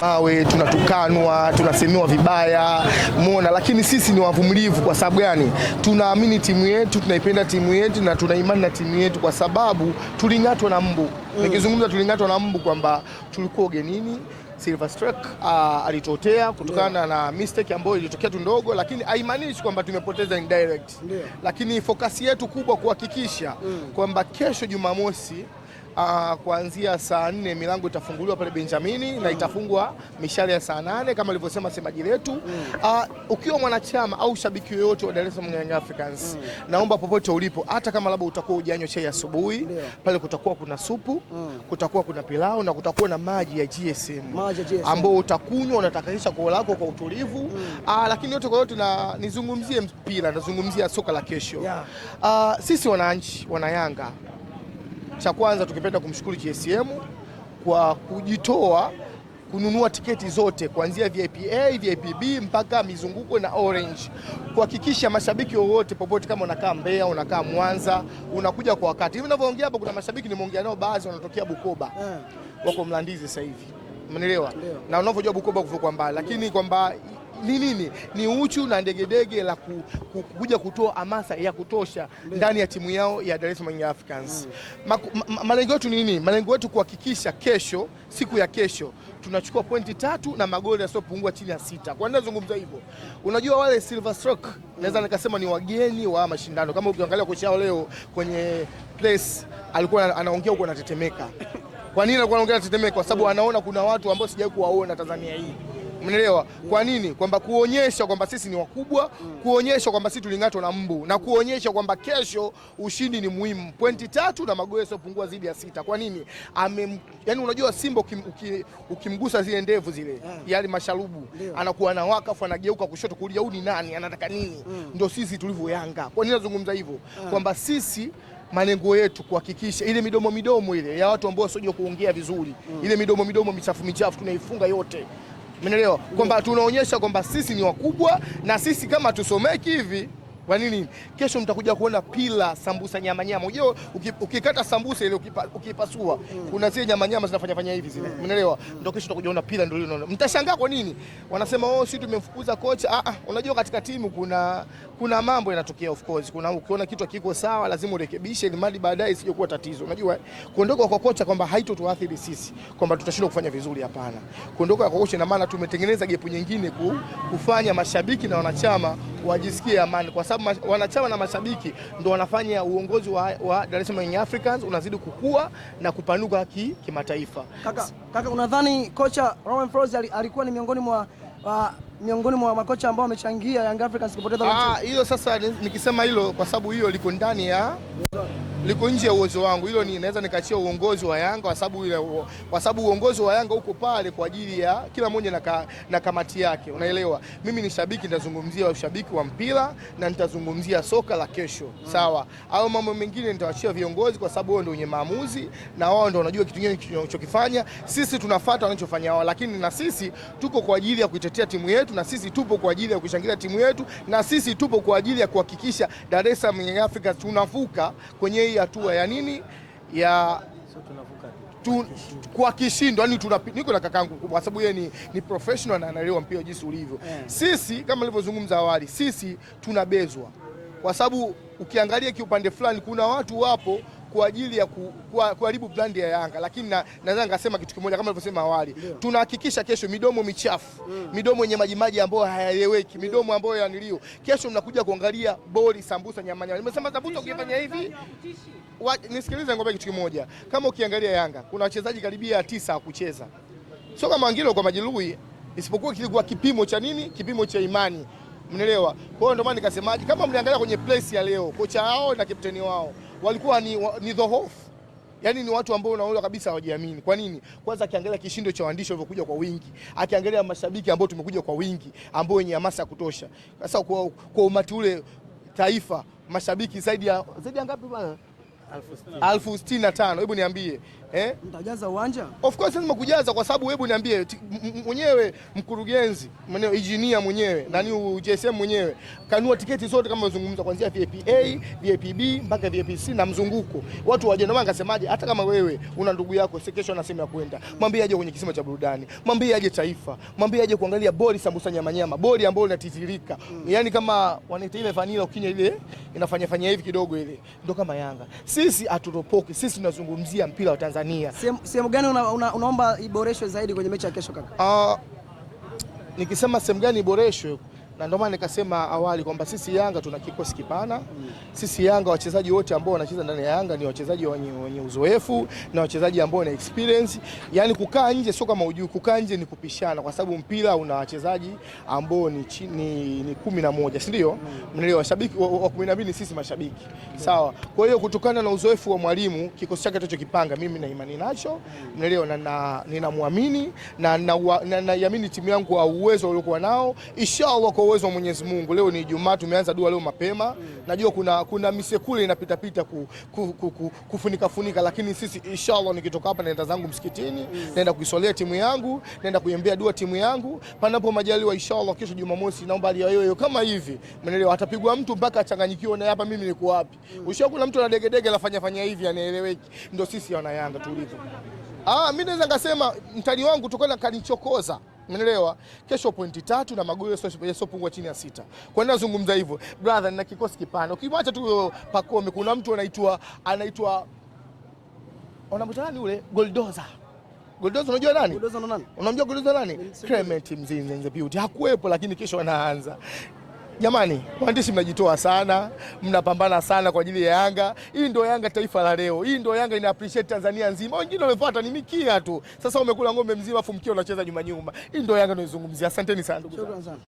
mawe, tunatukanwa, tunasemewa vibaya, muona. Lakini sisi ni wavumilivu. Kwa sababu gani? Tunaamini timu yetu, tunaipenda timu yetu na tuna imani na timu yetu, kwa sababu tuling'atwa na mbu. Mm. Nikizungumza tuling'atwa na mbu kwamba tulikuwa ugenini Silver Strike uh, alitotea kutokana yeah. na mistake ambayo ilitokea tu ndogo, lakini haimaanishi kwamba tumepoteza indirect yeah. Lakini fokasi yetu kubwa kuhakikisha mm. kwamba kesho Jumamosi Uh, kuanzia saa nne milango itafunguliwa pale Benjamini mm. na itafungwa mishale ya saa nane kama alivyosema semaji letu mm. uh, ukiwa mwanachama au shabiki yoyote wa Dar es Salaam Young Africans mm. naomba popote ulipo, hata kama labda utakuwa ujanywa chai asubuhi yeah. pale kutakuwa kuna supu mm. kutakuwa kuna pilau na kutakuwa na maji ya GSM ambao utakunywa, unatakaisha koo lako kwa utulivu mm. uh, lakini yote kwa yote na nizungumzie mpira, nazungumzia soka la kesho yeah. uh, sisi wananchi wana Yanga cha kwanza tukipenda kumshukuru GSM kwa kujitoa kununua tiketi zote kuanzia VIP A, VIP B mpaka mizunguko na orange, kuhakikisha mashabiki wowote popote, kama unakaa Mbeya, unakaa Mwanza, unakuja kwa wakati. Hivi ninavyoongea hapa, kuna mashabiki nimeongea nao, baadhi wanatokea Bukoba, eh. wako Mlandizi sasa hivi, umeelewa, na unavyojua Bukoba kwa mbali, lakini kwamba ni nini? Ni uchu na ndegedege la kuja kutoa hamasa ya kutosha ndani ya timu yao ya Dar es Salaam Young Africans. Malengo yetu ni nini? Malengo yetu kuhakikisha kesho, siku ya kesho tunachukua pointi tatu na magoli yasiyopungua chini ya sita. Kwa nini nazungumza hivyo? Unajua wale Silver Stroke naweza mm, nikasema ni wageni wa mashindano. Kama ukiangalia kocha wao leo kwenye place alikuwa anaongea huko anatetemeka. Kwa nini alikuwa anaongea anatetemeka? Kwa sababu anaona kuna watu ambao sijawahi kuwaona Tanzania hii. Mnaelewa kwa nini? Kwamba kuonyesha kwamba sisi ni wakubwa, kuonyesha kwamba sisi tuling'atwa na mbu na kuonyesha kwamba kesho ushindi ni muhimu. Pointi tatu na magoli yasiyopungua zaidi ya sita. Kwa nini? Ame, yani unajua Simba ukim, uki, ukimgusa zile ndevu zile eh. yale masharubu anakuwa na afu anageuka kushoto kulia, huyu ni nani? Anataka nini? Mm. Ndio sisi tulivyo Yanga. Kwa nini nazungumza hivyo? Eh. Kwamba sisi malengo yetu kuhakikisha ile midomo midomo ile ya watu ambao wasiojua kuongea vizuri, mm. ile midomo midomo michafu michafu tunaifunga yote. Umeelewa? Kwamba tunaonyesha kwamba sisi ni wakubwa na sisi kama tusomeki hivi kwa nini? Kesho mtakuja kuona pila sambusa nyama nyama. Unajua ukikata sambusa ile ukipasua, mm. kuna zile nyama nyama zinafanya fanya hivi zile. Mm. Umeelewa? Ndio kesho utakuja kuona pila ndio ile unaona. Mtashangaa kwa nini? Wanasema oh, sisi tumemfukuza kocha. Ah ah, unajua katika timu kuna kuna mambo yanatokea of course. Kuna ukiona kitu hakiko sawa lazima urekebishe ili mali baadaye isije kuwa tatizo. Unajua? Kuondoka kwa kocha kwamba haitotuathiri sisi, kwamba tutashindwa kufanya vizuri hapana. Kuondoka kwa kocha na maana tumetengeneza gepu nyingine kufanya mashabiki na wanachama wajisikie amani kwa sababu sababu wanachama na mashabiki ndo wanafanya uongozi wa, wa Dar es Salaam Young Africans unazidi kukua na kupanuka kimataifa. Kaka, kaka unadhani kocha Romain Folz alikuwa ni miongoni mwa wa, miongoni mwa makocha ambao wamechangia Young Africans kupoteza? Ah, hiyo sasa nikisema hilo kwa sababu hiyo liko ndani ya liko nje ya uwezo wangu. Hilo ni naweza nikaachia uongozi wa Yanga kwa sababu uongozi wa Yanga uko pale kwa ajili ya kila mmoja na, ka, na kamati yake, unaelewa. Mimi ni shabiki, nitazungumzia ushabiki wa mpira na nitazungumzia soka la kesho mm. Sawa au mambo mengine nitawaachia viongozi, kwa sababu wao ndio wenye maamuzi na wao ndio wanajua kitu gani kinachokifanya. Sisi tunafuata wanachofanya wao, lakini na sisi tuko kwa ajili ya kuitetea timu yetu, na sisi tupo kwa ajili ya kushangilia timu yetu, na sisi tupo kwa ajili ya kuhakikisha Dar es Salaam Africa tunavuka kwenye hii hatua ya nini ya tu, kwa kishindo yani niko na kakaangu kubwa kwa sababu yeye ni, ni professional na anaelewa mpira jinsi ulivyo yeah. Sisi kama nilivyozungumza awali, sisi tunabezwa kwa sababu ukiangalia kiupande fulani kuna watu wapo kwa ajili ya kuharibu brand ya Yanga, lakini naweza ngasema kitu kimoja kama nilivyosema awali, yeah. tunahakikisha kesho midomo michafu mm. midomo yenye majimaji ambayo hayaeleweki mm. midomo ambayo yanilio, kesho mnakuja kuangalia boli, sambusa, nyama nyama. Nimesema sambusa ukifanya hivi, nisikilize, ngombe kitu kimoja, kama ukiangalia Yanga kuna wachezaji karibia tisa kucheza, sio kama wengine kwa majeruhi, isipokuwa kilikuwa kipimo cha nini? Kipimo cha imani, mnaelewa? Kwa hiyo ndio maana nikasemaje, kama mliangalia kwenye place ya leo, kocha wao na kapteni wao walikuwa ni, ni dhohofu yaani ni watu ambao unaona kabisa hawajiamini. Kwa nini? Kwanza akiangalia kishindo cha waandishi walivyokuja kwa wingi, akiangalia mashabiki ambao tumekuja kwa wingi, ambao wenye hamasa kutosha. Sasa kwa, kwa umati ule taifa mashabiki zaidi ya zaidi ya ngapi bwana? elfu sitini na tano hebu niambie eh? Mtajaza uwanja? Of course lazima kujaza kwa sababu hebu niambie mwenyewe mkurugenzi mwenyewe injinia mwenyewe nani JSM mwenyewe kanua tiketi zote kama zungumza kuanzia VIP A, VIP B mpaka VIP C na mzunguko. Watu waje Ndio maana semaje hata kama wewe una ndugu yako kesho na sehemu ya kwenda. Mwambie aje kwenye kisima cha burudani. Mwambie aje Taifa. Mwambie aje kuangalia bori sambusa nyama nyama. Bori ambayo inatitirika. Mm -hmm. kama wanaita ile vanilla ukinya ile inafanya fanya hivi kidogo ile. Ndio kama Yanga. Si sisi haturopoki, sisi tunazungumzia mpira wa Tanzania. Sehemu gani una, una, unaomba iboreshwe zaidi kwenye mechi ya kesho kaka? Uh, nikisema sehemu gani iboreshwe na ndio maana nikasema awali kwamba sisi Yanga tuna kikosi kipana. Sisi Yanga wachezaji wote ambao wanacheza ndani ya Yanga ni wachezaji wenye wenye uzoefu na wachezaji ambao wana experience. Yaani kukaa nje sio kama ujui, kukaa nje ni kupishana, kwa sababu mpira una wachezaji ambao ni, ni, ni kumi na moja, si ndio? Mnaelewa, washabiki wa kumi na mbili sisi mashabiki sawa. Kwa hiyo kutokana na uzoefu wa mwalimu kikosi chake tulichokipanga, mimi na imani nacho, mnaelewa, na ninamwamini na naiamini na, na, na, na, timu yangu au uwezo waliokuwa nao inshallah uwezo wa Mwenyezi Mungu, leo ni Ijumaa, tumeanza dua leo mapema mm. Najua kuna, kuna misekule inapita pita ku, ku, ku, ku, kufunika funika, lakini sisi inshallah, nikitoka hapa naenda zangu msikitini mm. Naenda kuisolea timu yangu, naenda kuiambia dua timu yangu, panapo majaliwa inshallah, kesho Jumamosi naomba yoyo kama hivi, mnaelewa, atapigwa mtu mpaka achanganyikiwe na hapa mimi niko wapi mm. Ushawahi kuna mtu anadegedege lafanya fanya hivi anaeleweki, ndio sisi wana Yanga tulivyo. Ah, mimi naweza ngasema mtani wangu tokana kanichokoza Umeelewa? Kesho pointi tatu na magoli yasiyopungua chini ya sita. Kwa nini nazungumza hivyo? Brother, nina kikosi kipana. Ukimwacha tu Pakome, kuna mtu anaitwa anaitwa unamwita nani ule Goldoza. Goldoza unajua nani? Goldoza nani? Unamjua Goldoza nani? Clement Mzinze Beauty. Hakuwepo lakini kesho anaanza. Jamani, waandishi mnajitoa sana, mnapambana sana kwa ajili ya Yanga. Hii ndio Yanga taifa la leo, hii ndio Yanga ina appreciate Tanzania nzima. Wengine wamefuata ni mikia tu, sasa umekula ng'ombe mzima afu mkia unacheza nyuma nyuma. Hii ndio Yanga naizungumzia. Asanteni sana ndugu